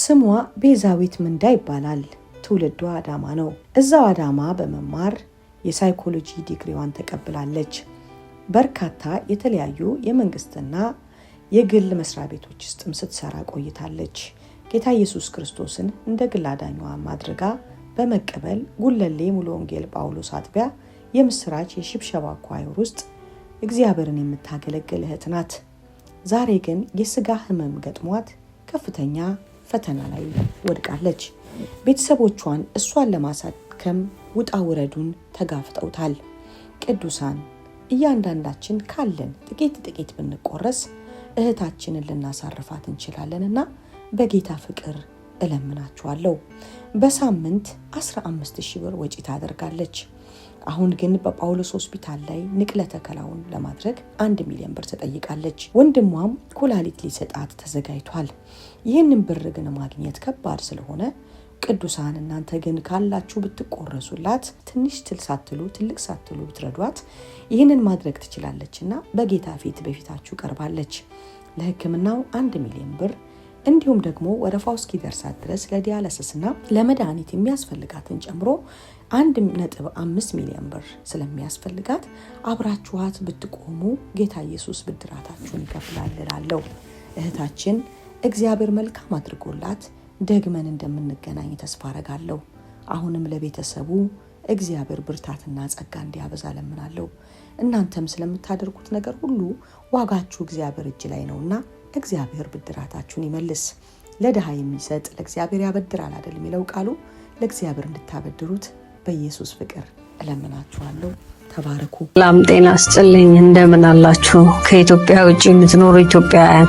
ስሟ ቤዛዊት ምንዳ ይባላል። ትውልዷ አዳማ ነው። እዛው አዳማ በመማር የሳይኮሎጂ ዲግሪዋን ተቀብላለች። በርካታ የተለያዩ የመንግስትና የግል መስሪያ ቤቶች ውስጥም ስትሰራ ቆይታለች። ጌታ ኢየሱስ ክርስቶስን እንደ ግል አዳኟ አድርጋ በመቀበል ጉለሌ ሙሉ ወንጌል ጳውሎስ አጥቢያ የምስራች የሽብሸባ ኳይር ውስጥ እግዚአብሔርን የምታገለግል እህት ናት። ዛሬ ግን የስጋ ህመም ገጥሟት ከፍተኛ ፈተና ላይ ወድቃለች። ቤተሰቦቿን እሷን ለማሳከም ውጣ ውረዱን ተጋፍጠውታል። ቅዱሳን እያንዳንዳችን ካለን ጥቂት ጥቂት ብንቆረስ እህታችንን ልናሳርፋት እንችላለንና በጌታ ፍቅር እለምናችኋለሁ። በሳምንት 15 ሺህ ብር ወጪ ታደርጋለች። አሁን ግን በጳውሎስ ሆስፒታል ላይ ንቅለ ተከላውን ለማድረግ አንድ ሚሊዮን ብር ትጠይቃለች። ወንድሟም ኩላሊት ሊሰጣት ተዘጋጅቷል። ይህንን ብር ግን ማግኘት ከባድ ስለሆነ ቅዱሳን እናንተ ግን ካላችሁ ብትቆረሱላት ትንሽ ትል ሳትሉ ትልቅ ሳትሉ ብትረዷት ይህንን ማድረግ ትችላለች እና በጌታ ፊት በፊታችሁ ቀርባለች። ለሕክምናው አንድ ሚሊዮን ብር እንዲሁም ደግሞ ወረፋው እስኪደርሳት ድረስ ለዲያለስስና ለመድኃኒት የሚያስፈልጋትን ጨምሮ አንድ ነጥብ አምስት ሚሊዮን ብር ስለሚያስፈልጋት አብራችኋት ብትቆሙ ጌታ ኢየሱስ ብድራታችሁን ይከፍላል እላለሁ። እህታችን እግዚአብሔር መልካም አድርጎላት ደግመን እንደምንገናኝ ተስፋ አረጋለሁ። አሁንም ለቤተሰቡ እግዚአብሔር ብርታትና ጸጋ እንዲያበዛ ለምናለሁ። እናንተም ስለምታደርጉት ነገር ሁሉ ዋጋችሁ እግዚአብሔር እጅ ላይ ነውና እግዚአብሔር ብድራታችሁን ይመልስ። ለድሃ የሚሰጥ ለእግዚአብሔር ያበድራል አይደል የሚለው ቃሉ። ለእግዚአብሔር እንድታበድሩት በኢየሱስ ፍቅር እለምናችኋለሁ። ተባረኩ። ሰላም ጤና ስጥልኝ። እንደምን አላችሁ? ከኢትዮጵያ ውጭ የምትኖሩ ኢትዮጵያውያን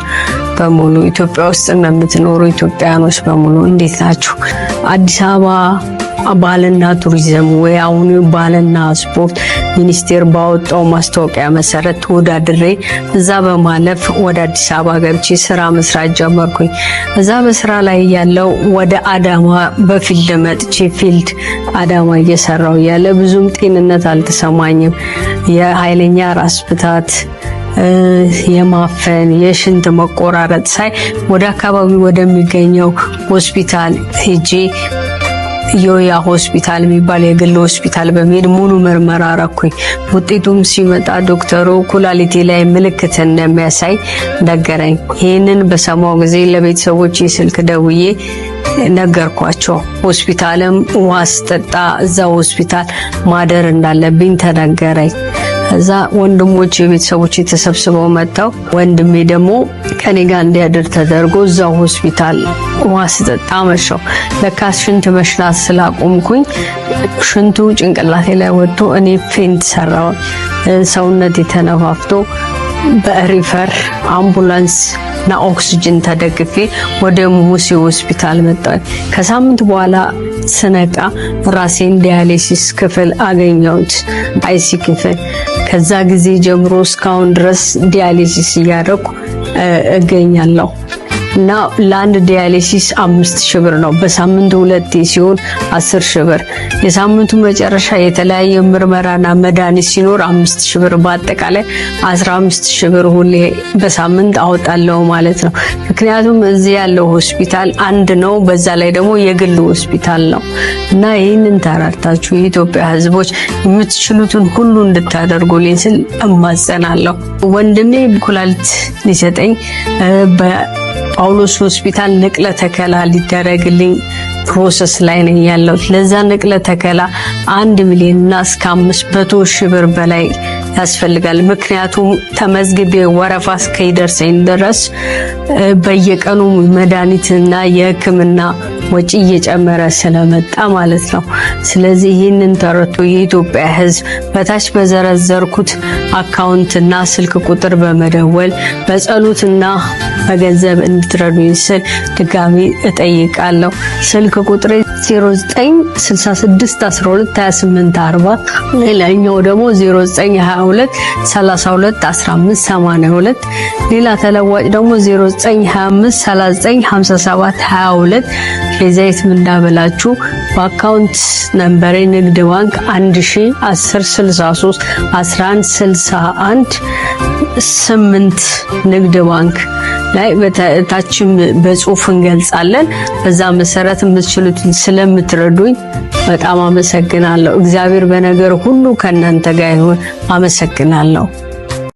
በሙሉ ኢትዮጵያ ውስጥ የምትኖሩ ኢትዮጵያውያኖች በሙሉ እንዴት ናችሁ? አዲስ አበባ ባህልና ቱሪዝም ወይ አሁኑ ባህልና ስፖርት ሚኒስቴር ባወጣው ማስታወቂያ መሰረት ተወዳድሬ እዛ በማለፍ ወደ አዲስ አበባ ገብቼ ስራ መስራት ጀመርኩኝ። እዛ በስራ ላይ ያለው ወደ አዳማ በፊልድ መጥቼ ፊልድ አዳማ እየሰራው ያለ ብዙም ጤንነት አልተሰማኝም። የኃይለኛ ራስ ብታት የማፈን የሽንት መቆራረጥ ሳይ ወደ አካባቢ ወደሚገኘው ሆስፒታል ሄጄ ዮያ ሆስፒታል የሚባል የግል ሆስፒታል በመሄድ ሙሉ ምርመራ አረኩኝ። ውጤቱም ሲመጣ ዶክተሩ ኩላሊቴ ላይ ምልክት እንደሚያሳይ ነገረኝ። ይህንን በሰማው ጊዜ ለቤተሰቦች ስልክ ደውዬ ነገርኳቸው። ሆስፒታልም ውሃ ስጠጣ እዛ ሆስፒታል ማደር እንዳለብኝ ተነገረኝ። እዛ ወንድሞች የቤተሰቦች ተሰብስበው መጥተው ወንድሜ ደግሞ ከኔ ጋር እንዲያድር ተደርጎ እዛው ሆስፒታል ውሃ ስጠጣ መሸው። ለካስ ሽንት መሽናት ስላቆምኩኝ ሽንቱ ጭንቅላቴ ላይ ወጥቶ እኔ ፌንት ሰራው። ሰውነት የተነፋፍቶ በሪፈር አምቡላንስ እና ኦክስጅን ተደግፌ ወደ ሙሴ ሆስፒታል መጣሁ። ከሳምንት በኋላ ስነቃ ራሴን ዲያሊሲስ ክፍል አገኘሁት፣ አይሲ ክፍል። ከዛ ጊዜ ጀምሮ እስካሁን ድረስ ዲያሊሲስ እያደረኩ እገኛለሁ። እና ለአንድ ዲያሊሲስ አምስት ሺህ ብር ነው። በሳምንቱ ሁለቴ ሲሆን አስር ሺህ ብር፣ የሳምንቱ መጨረሻ የተለያየ ምርመራና መድኃኒት ሲኖር አምስት ሺህ ብር፣ በአጠቃላይ አስራ አምስት ሺህ ብር ሁሌ በሳምንት አወጣለሁ ማለት ነው። ምክንያቱም እዚህ ያለው ሆስፒታል አንድ ነው፣ በዛ ላይ ደግሞ የግል ሆስፒታል ነው እና ይህንን ተረድታችሁ የኢትዮጵያ ሕዝቦች የምትችሉትን ሁሉ እንድታደርጉልኝ ስል እማጸናለሁ። ወንድሜ ኩላሊት ሊሰጠኝ ጳውሎስ ሆስፒታል ንቅለ ተከላ ሊደረግልኝ ፕሮሰስ ላይ ነኝ ያለሁት። ለዛ ንቅለ ተከላ አንድ ሚሊዮን እና እስከ አምስት መቶ ሺህ ብር በላይ ያስፈልጋል። ምክንያቱም ተመዝግቤ ወረፋ እስከይደርሰኝ ድረስ በየቀኑ መድኃኒትና የሕክምና ወጪ እየጨመረ ስለመጣ ማለት ነው። ስለዚህ ይህንን ተረቶ የኢትዮጵያ ሕዝብ በታች በዘረዘርኩት አካውንትና ስልክ ቁጥር በመደወል በጸሎትና በገንዘብ እንድትረዱኝ ስል ድጋሚ እጠይቃለሁ። ስልክ ቁጥሬ 0966122840 ሌላኛው ደግሞ 0922321582 ሌላ ተለዋጭ ደግሞ 0925395722 የዘይት ምንዳበላችሁ በአካውንት ነንበሬ ንግድ ባንክ 1063 1161 ንግድ ባንክ ላይ በታችም በጽሁፍ እንገልጻለን። በዛ መሰረት የምትችሉትን ስለምትረዱኝ በጣም አመሰግናለሁ። እግዚአብሔር በነገር ሁሉ ከእናንተ ጋር ይሁን። አመሰግናለሁ።